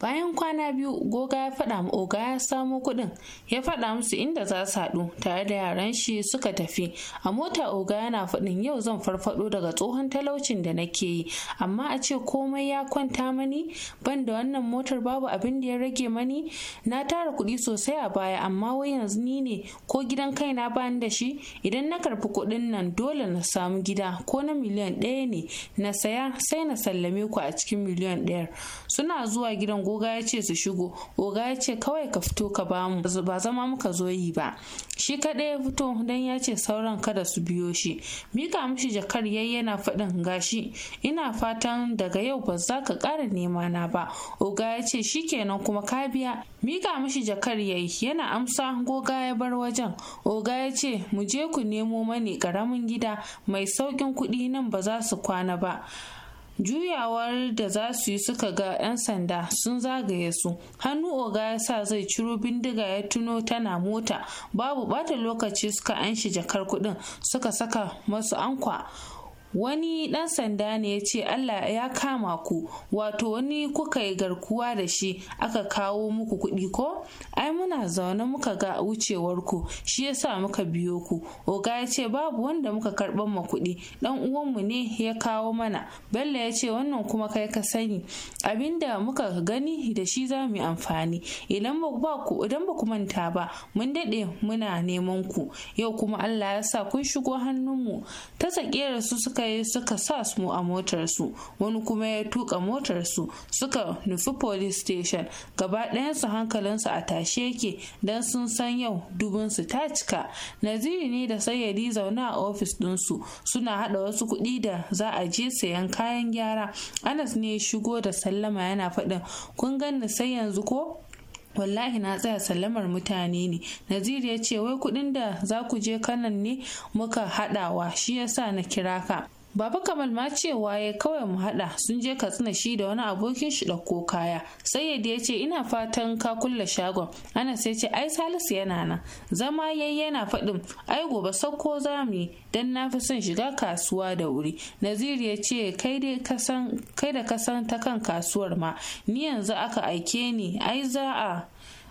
bayan kwana biyu goga ya faɗa ma oga ya samo kuɗin ya faɗa musu inda za su haɗu tare da yaran shi suka tafi a mota oga yana faɗin yau zan farfaɗo daga tsohon talaucin da nake yi amma a ce komai ya kwanta mani ban da wannan motar babu abin da ya rage mani na tara kuɗi sosai a baya amma wai yanzu ni ne ko gidan kai na bani da shi idan na karfi kuɗin nan dole na samu gida ko na miliyan ɗaya ne na saya sai na sallame ku a cikin miliyan ɗayar suna zuwa gidan oga ya ce su shigo oga ya ce kawai ka fito ka bamu ba zama muka zo yi ba shi kaɗai ya fito don ya ce sauran kada su biyo shi mika mishi jakar yayi yana faɗin gashi ina fatan daga yau ba za ka ƙara nema na ba oga ya ce shikenan kuma ka biya mika mishi jakar yayi yana amsa goga ya bar wajen oga ya ce mu je ku nemo mani ƙaramin gida mai sauƙin kuɗi nan ba za su kwana ba juyawar da za su yi suka ga 'yan sanda sun zagaye su hannu oga ya sa zai ciro bindiga ya tuno tana mota babu bata lokaci suka anshi jakar kudin suka saka masu ankwa wani ɗan sanda ne ya ce Allah ya kama ku wato wani kuka yi garkuwa da shi aka kawo muku kuɗi ko ai muna zaune muka ga wucewar ku shi sa muka biyo ku oga ya ce babu wanda muka karɓar ma kuɗi ɗan uwanmu ne ya kawo mana bello ya ce wannan kuma kai ka sani abinda muka gani da shi za mu yi amfani idan ba ku idan ba ku manta ba mun daɗe muna neman ku yau kuma Allah ya sa kun shigo hannunmu ta tsakiyar su suka suka suka sa mu a motarsu wani kuma ya tuka motarsu suka nufi police station gaba ɗayansu hankalinsu a tashe yake don sun san yau dubinsu ta cika naziri ne da sayyadi zaune a ofis ɗinsu suna haɗa wasu kuɗi da za a je sayan kayan gyara anas ne shigo da sallama yana faɗin kun ganni sai yanzu ko wallahi na tsaya sallamar mutane ne nazir ya ce wai kudin da za ku je kanan ne muka hadawa shi yasa na kira ka Baba Kamal ma cewa ya kawai mu haɗa sun je Katsina shi da wani abokin shi ɗauko kaya. Sayyid ya ce ina fatan ka kulle shagon. Anas ya ce ai Salisu yana nan. Zama yayi yana faɗin ai gobe sauko za mu yi dan na fi son shiga kasuwa da wuri. Naziru ya ce kai dai kai da kasan ta kan kasuwar ma ni yanzu aka aike ni ai za a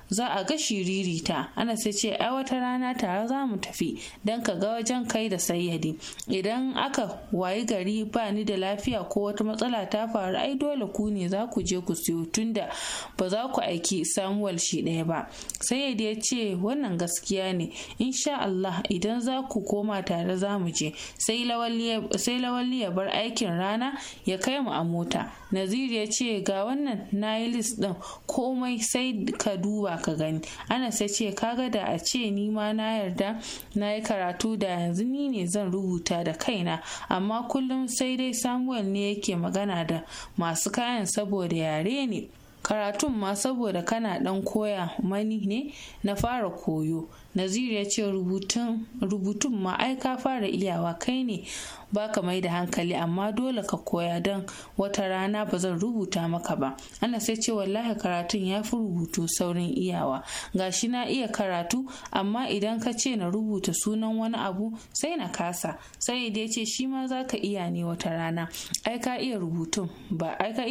za a ga shiririta anas ya ce ai wata rana tare za mu tafi don ka ga wajen kai da sayyadi idan aka wayi gari ba ni da lafiya ko wata matsala ta faru ai dole ku ne za ku je ku siyo tunda ba za ku aiki samuwal shi ɗaya ba sayyadi ya ce wannan gaskiya ne insha Allah idan za ku koma tare za mu je sai lawalli ya bar aikin rana ya kai mu a mota Naziru ya ce ga wannan na yi list ɗin komai sai ka duba aka gani anas ya ce kaga da a ce ni ma na yarda na yi karatu da yanzu ni ne zan rubuta da kaina amma kullum sai dai samuel ne yake magana da masu kayan saboda yare ne karatun ma saboda kana dan koya mani ne na fara koyo naziru ya ce rubutun ma ai ka fara iyawa kai ne ba ka mai da hankali amma dole ka koya don wata rana ba zan rubuta maka ba ana sai ce wallahi karatun ya fi rubutu saurin iyawa gashi na iya karatu amma idan ka ce na rubuta sunan wani abu sai na kasa sai da ce shi ma za ka iya ne wata rana ai ka iya rubutun ba ai ka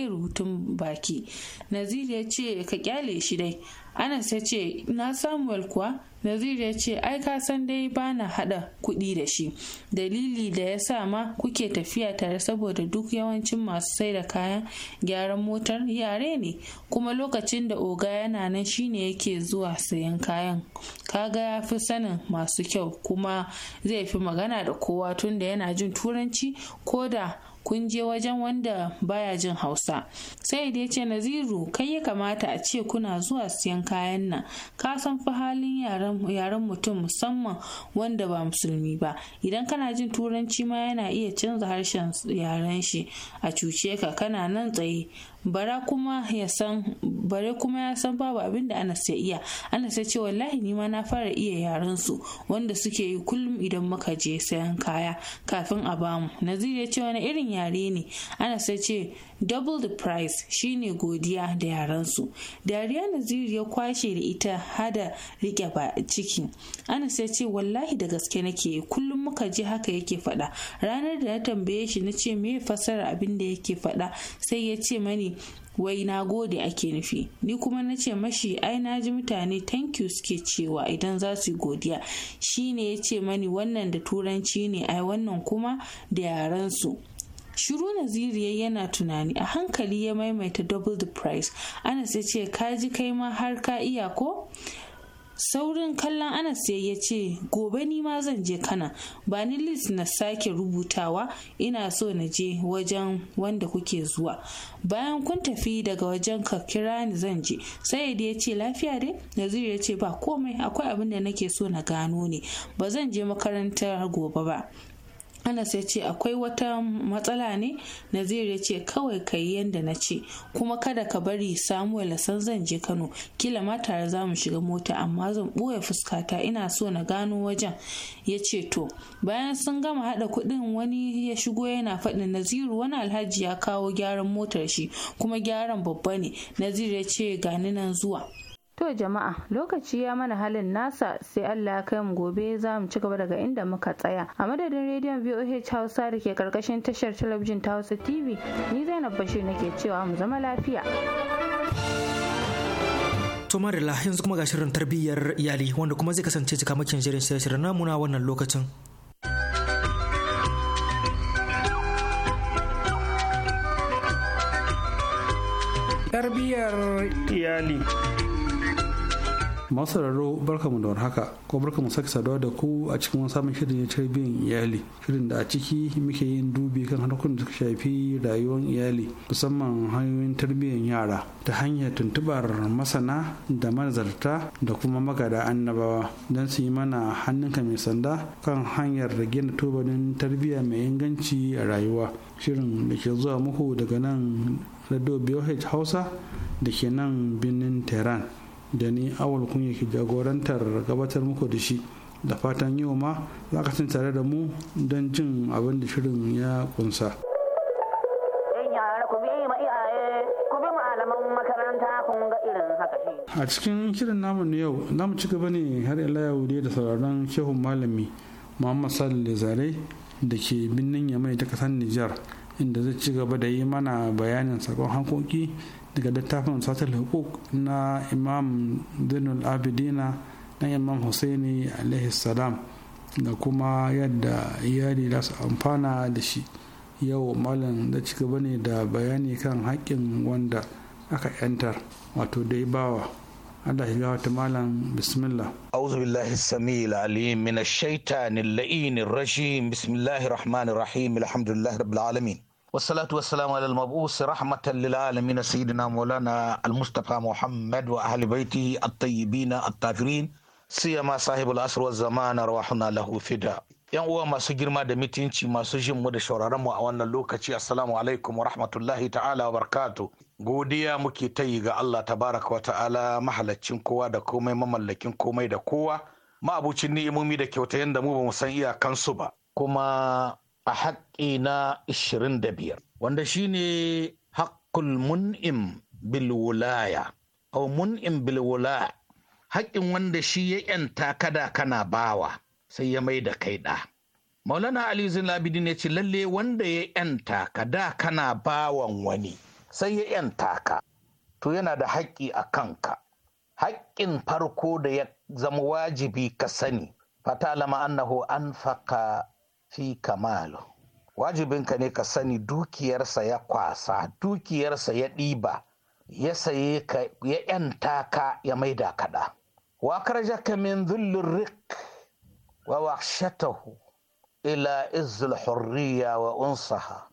baki nazir ya ce ka kyale shi dai anas ya ce na samuel kuwa nazir ya ce ai ka san dai bana hada kuɗi da shi dalili da ya sa ma kuke tafiya tare saboda duk yawancin masu sai da kayan gyaran motar yare ne kuma lokacin da oga yana nan shine yake zuwa sayan kayan kaga ya fi sanin masu kyau kuma zai fi magana da kowa tunda yana jin turanci ko da kun je wajen wanda baya jin hausa sai ya ce naziru kai ya kamata a ce kuna zuwa siyan kayan nan ka san fa halin yaren mutum musamman wanda ba musulmi ba idan kana jin turanci ma yana iya canza harshen yaren shi a cuce ka kana nan tsaye bara kuma ya san bare kuma ya san babu abin da Anas ya iya Anas ya ce wallahi ni ma na fara iya yaren su wanda suke yi kullum idan muka je sayan kaya kafin a bamu Nazir ya ce wani irin yare ne Anas ya ce double the price shine godiya da yaransu dariya naziru ya kwashe da ita hada rike ba ciki anas ya ce wallahi da gaske nake kullum muka ji haka yake fada ranar da na tambaye shi na ce me fasara abin da yake fada sai ya ce mani wai na gode ake nufi ni kuma na ce mashi ai na ji mutane thank you suke cewa idan za su yi godiya shine ya ce mani wannan da turanci ne ai wannan kuma da yaransu shiru naziri yana tunani a hankali ya maimaita double the price anas ya ce ka ji kai ma har ka iya ko saurin kallon anas ya ce gobe ni ma zan je kana ba ni list na sake rubutawa ina so na je wajen wanda kuke zuwa bayan kun tafi daga wajen ka kira ni zan je sai ya ce lafiya dai nazir ya ce ba komai akwai abin da nake so na gano ne ba zan je makarantar gobe ba anas ya ce akwai wata matsala ne nazir ya ce kawai ka yi yadda na ce kuma kada ka bari samuel san zan je kano kila ma tare za mu shiga mota amma zan ɓoye fuskata ina so na gano wajen ya ce to bayan sun gama haɗa kuɗin wani ya shigo yana faɗi naziru wani alhaji ya kawo gyaran motar shi kuma gyaran babba ne naziru ya ce gani nan zuwa To jama'a lokaci ya mana halin nasa sai Allah ya kai mu gobe za mu ci gaba daga inda muka tsaya. A madadin rediyon VOH Hausa da ke karkashin tashar talabijin ta Hausa TV ni Zainab Bashir nake cewa mu zama lafiya. To Marila yanzu kuma ga shirin tarbiyyar iyali wanda kuma zai kasance cikamakin shirin shirin namu na wannan lokacin. Tarbiyyar iyali. masu raro barkamu da warhaka ko barkamu sake saduwa da ku a cikin wani samun shirin ya biyan iyali shirin da a ciki muke yin dubi kan harkokin da suka shafi rayuwar iyali musamman hanyoyin tarbiyyar yara ta hanyar tuntubar masana da manazarta da kuma magada annabawa don su yi mana hannunka mai sanda kan hanyar da gina tubalin tarbiyya mai inganci a rayuwa shirin da ke zuwa muku daga nan radio BOH Hausa da ke nan birnin Tehran da ni awal kun yake jagorantar gabatar muku da shi da fatan yau ma za ka tare da mu don jin abin da shirin ya kunsa. a cikin shirin namu na yau namu ci gaba ne har ila yau da sauraron shehun malami muhammad salih zare da ke binnin yamai ta kasar nijar inda zai ci gaba da yi mana bayanin sakon hankoki daga littafin satar hukuk na imam zainul abidina na imam husaini alaihi salam da kuma yadda iyali za su amfana da shi yau malam da ci gaba ne da bayani kan haƙƙin wanda aka 'yantar wato dai bawa Allah ya wata malam bismillah. Auzu billahi samil alim min ash-shaytanir rajim bismillahir rahmanir rahim alhamdulillahi rabbil alamin. والصلاة والسلام على المبعوث رحمة للعالمين سيدنا مولانا المصطفى محمد وأهل بيته الطيبين الطاهرين سيما صاحب العصر والزمان روحنا له فدا yan uwa masu girma da mitinci masu jin mu da shauraron mu a wannan lokaci assalamu alaikum wa rahmatullahi ta'ala wa barkatu. godiya muke ta yi ga Allah tabaraka wa ta'ala mahalaccin kowa da komai mamallakin komai da kowa ma'abucin ni'imomi da kyautayen da mu ba mu san iyakansu ba kuma a haƙƙi na 25 wanda shine haƙƙul mun'im bilwulaya au mun'im Bilwulaya. haƙƙin wanda shi ya ‘yanta kada kana bawa sai ya mai da kai ɗa. Maulana Ali Zinabidin ya ce lalle wanda ya ‘yanta kada kana bawan wani sai ya ‘yanta ka to yana da haƙƙi a kanka. Haƙƙin farko da ya zama wajibi ka sani fatalama annahu an faka fi kamalu wajibinka ne ka sani dukiyarsa ya kwasa dukiyarsa ya ɗiba ya saye ka ya ‘yanta ka ya maida kaɗa wakar jaka min zullun rik wa wakshatahu ila izul hurriya wa unsaha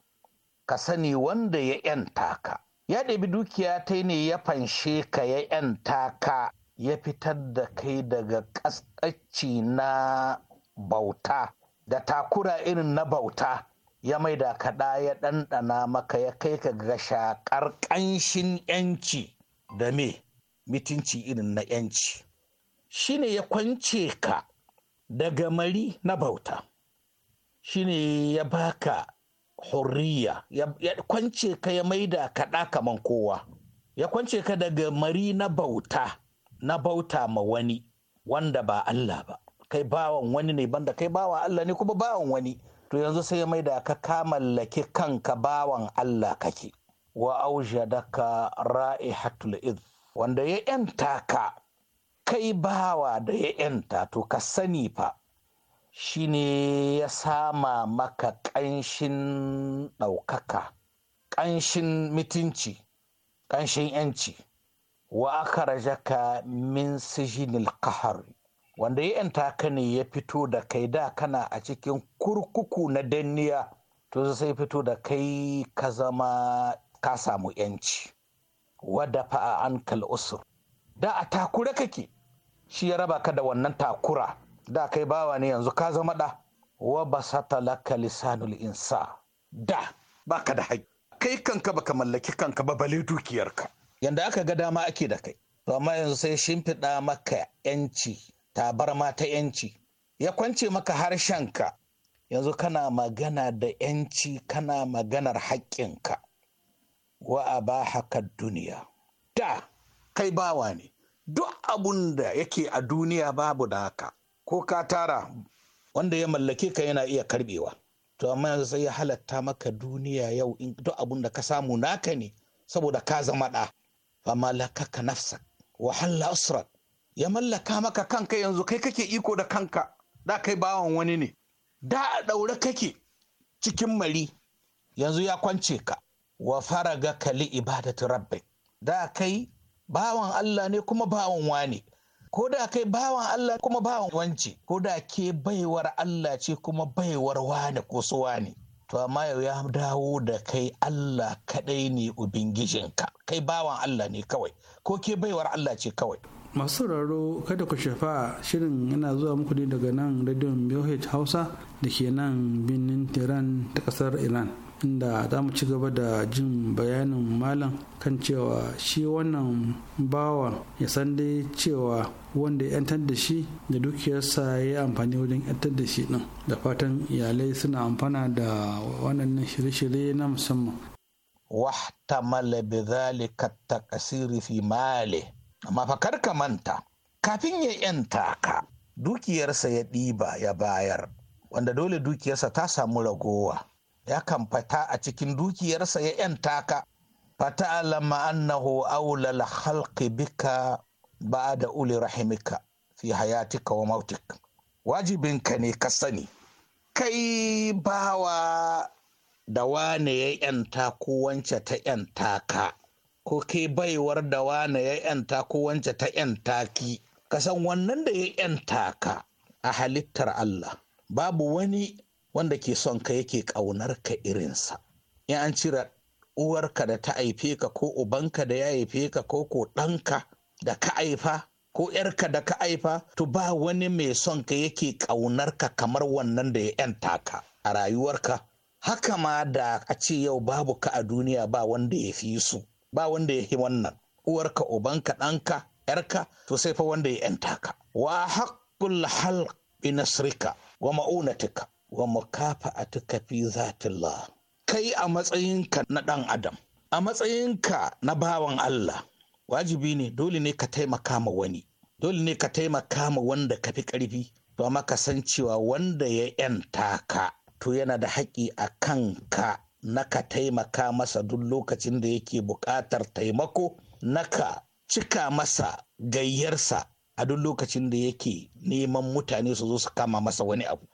ka sani wanda ya ‘yanta ka ya ɗabi dukiya ta ne ya fanshe ka ya ‘yanta ka ya fitar da kai daga ƙasƙaci na bauta da takura irin na bauta ya maida kaɗa ya ɗanɗana maka ya kai ka ga shaƙar ƙanshin yanci da me mitinci irin na yanci ne ya kwance ka daga mari na bauta Shi ne ya baka hurriya ya kwance ka ya maida kaɗa kaman kowa ya kwance ka daga mari na bauta na bauta ma wani wanda ba Allah ba kai bawan wani ne banda kai bawan Allah ne kuma bawan wani to yanzu sai ya maida ka ka mallaki kanka bawan Allah kake wa aujadaka ra'ihatul id wanda ya yanta ka kai bawa da ya yanta to ka sani fa shine ya sama maka ƙanshin ɗaukaka ƙanshin mitinci, ƙanshin yanci wa aka rajaka min sijinil kahari wanda ya yanta ka ne ya fito da kai da kana a cikin kurkuku na danniya to sai fito da kai ka zama ka samu yanci wadda fa'a an kal'usur da a takura kake shi ya raba ka da wannan takura da kai bawa ne yanzu ka zama da wa basata laka lisanul insa da baka da haƙƙi kai kanka baka mallaki kanka ba bale dukiyarka yanda aka ga dama ake da kai to amma yanzu sai shimfiɗa maka yanci tabarma ta yanci ya kwance maka harshenka yanzu kana magana da yanci kana maganar haƙƙinka wa a ba haka duniya da kai bawa ne duk abun da yake a duniya babu da haka ko ka tara wanda ya mallake ka yana iya karɓewa? to amma yanzu sai ya halatta maka duniya yau in duk abun da ka samu naka ne saboda ka zama ɗa fama lakaka nafsa wahalla usrak ya mallaka maka kanka yanzu kai kake iko da kanka da kai bawan wani ne da a ɗaure kake cikin mari yanzu ya kwance ka wa faraga kali ibadatu rabbi da kai bawan Allah ne kuma bawan wani. ko da kai bawan Allah kuma bawan wance ko da ke baiwar Allah ce kuma baiwar wani ko su wani. to amma yau ya dawo da kai Allah kadai ne ubangijinka kai bawan Allah ne kawai ko ke baiwar Allah ce kawai masu sauraro kada ku shafa shirin yana zuwa muku ne daga nan radion BOH Hausa da ke nan birnin Tehran ta kasar Iran inda za mu ci gaba da jin bayanin malam kan cewa shi wannan bawan ya san dai cewa wanda ya yantar da shi da dukiyarsa ya yi amfani wajen yantar da shi din da fatan iyalai suna amfana da wannan shirye-shirye na musamman wahtamala bi zalika at fi male mafakar ka manta kafin ya yanta ka dukiyarsa ya ɗiba ya bayar wanda dole dukiyarsa ta samu ragowa ya kan fata a cikin dukiyarsa ya yanta ka fata alama annahu aulal halki bika ba da uli rahimika fi hayatika wa mautik wajibinka ne ka sani kai bawa da wane ya yanta ko wance ta yanta ka ko ke baiwar da wane ya yanta ko wance ta yanta ki ka san wannan da ya yanta ka a halittar Allah babu wani wanda ke son ka yake ƙaunar ka irinsa in an cire uwarka da ta haife ka ko ubanka da ya haife ka ko ko ɗanka da ka haifa ko ‘yarka da ka haifa to ba wani mai son ka yake ƙaunar ka kamar wannan da ya ‘yanta ka a rayuwarka haka ma da a ce yau babu ka a duniya ba wanda ya fi su ba wanda ya yi wannan uwarka ubanka ɗanka yarka to sai fa wanda ya yanta ka wa haqqul halq bi nasrika wa ma'unatika wa mukafa'atuka fi zatillah kai a matsayinka na ɗan adam a matsayinka na bawan Allah wajibi ne dole ne ka taimaka ma wani dole ne ka taimaka ma wanda ka fi ƙarfi to amma ka san cewa wanda ya yanta ka to yana da haƙƙi a kanka naka taimaka masa duk lokacin da yake buƙatar taimako naka cika masa gayyarsa a duk lokacin da yake neman mutane su zo su kama masa wani abu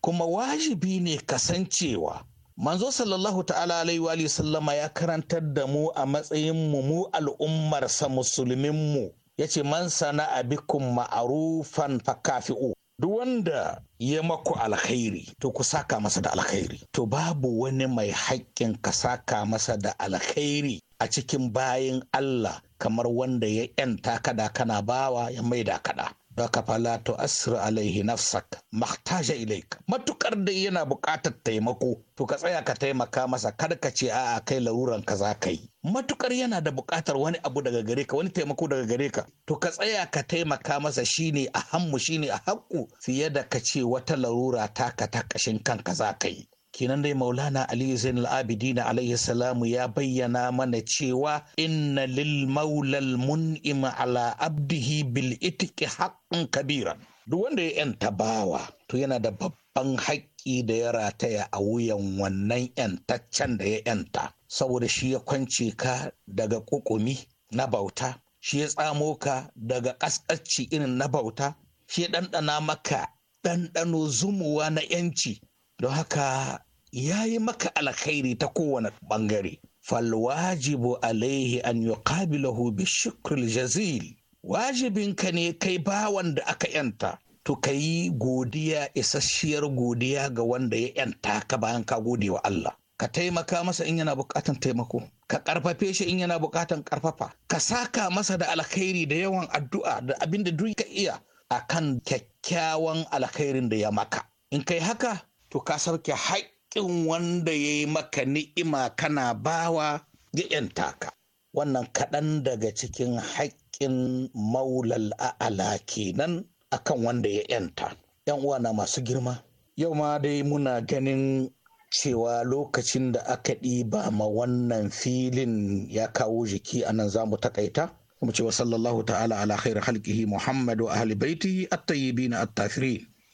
kuma wajibi ne kasancewa manzo sallallahu ta'ala alaihi wa sallama ya karantar da mu a matsayin mu mu al'ummarsa musulmin mu yace man sana'a abikum ma'arufan fakafi'u duk wanda ya maku alkhairi to ku saka masa da alkhairi to babu wani mai haƙƙin ka saka masa da alkhairi a cikin bayin Allah kamar wanda ya ‘yanta kada kana bawa ya mai da kada Raka fala to asir alaihi nafsak mahtaja ilaika matukar dai yana buƙatar taimako to ka tsaya ka taimaka masa kada ka ce a'a kai laruran ka za ka yi matukar yana da buƙatar wani abu daga gare ka wani taimako daga gare ka to ka tsaya ka taimaka masa shine a hammu shine a haƙƙu fiye da ka ce wata larura taka ta ƙashin kanka za ka yi kinan dai maulana ali zain al-abidin alayhi salamu ya bayyana mana cewa inna lil maulal mun'im ala abdihi bil itiki haqqan kabiran duk wanda ya yanta bawa to yana da babban haƙƙi da ya rataya a wuyan wannan yantaccen da ya yanta saboda shi ya kwance ka daga ƙuƙumi na bauta shi ya tsamo ka daga ƙasƙacci irin na bauta shi ya ɗanɗana maka ɗanɗano zumuwa na yanci don haka ya yi maka alkhairi ta kowane bangare falwajibu alaihi an yuqabilahu bi shukril jazil wajibinka ne kai ba wanda aka yanta to ka yi godiya isasshiyar godiya ga wanda ya yanta ka bayan ka gode wa Allah ka taimaka masa in yana bukatan taimako ka karfafe shi in yana bukatan ƙarfafa. ka saka masa da alkhairi da yawan addu'a da abin da duk ka iya akan kyakkyawan alkhairin da ya maka in kai haka to ka sauke haƙƙin wanda ya yi maka ni'ima kana bawa ya ‘yanta taka. Wannan kaɗan daga cikin haƙƙin maulal a'ala kenan akan wanda ya ‘yanta. ‘Yan uwana masu girma, yau ma dai muna ganin cewa lokacin da aka ɗiba ma wannan filin ya kawo jiki a nan za mu takaita. Kuma cewa sallallahu ta'ala ala khairu halkihi Muhammadu ahli baiti at na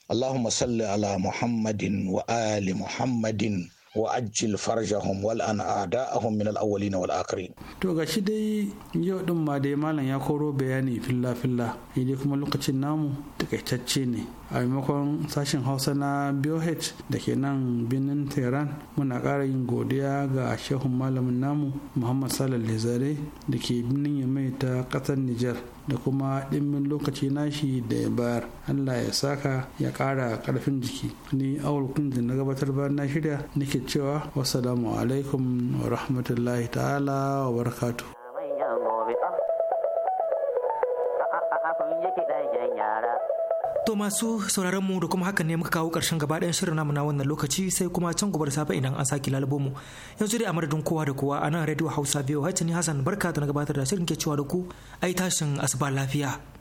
اللهم صل على محمد وآل muhammadin wa ajil farjahum wal an a'da'ahum min al awwalin wal akhirin to gashi dai yau din ma dai malam ya koro bayani filla filla dai kuma lokacin namu takaitacce ne a maimakon sashen Hausa na BOH da ke nan birnin Tehran muna ƙara yin godiya ga shehun malamin namu Muhammad Salal Lezare da ke birnin Yamai ta ƙasar Nijar da kuma dimmin lokaci nashi da ya bayar allah ya saka ya kara ƙarfin jiki ni awul kundin na gabatar bayan na shirya nake cewa wasu alaikum wa rahmatullahi ta'ala wa barakatuh masu sauraron mu da kuma hakan ne muka kawo karshen ɗayan shirin namu na wannan lokaci sai kuma can da safe idan an saki lalubo mu yanzu dai a madadin kowa da kowa a nan radio hausa biyu hacci ni hassan barka da na gabatar da shirin ke cewa da ku ai tashin asuba lafiya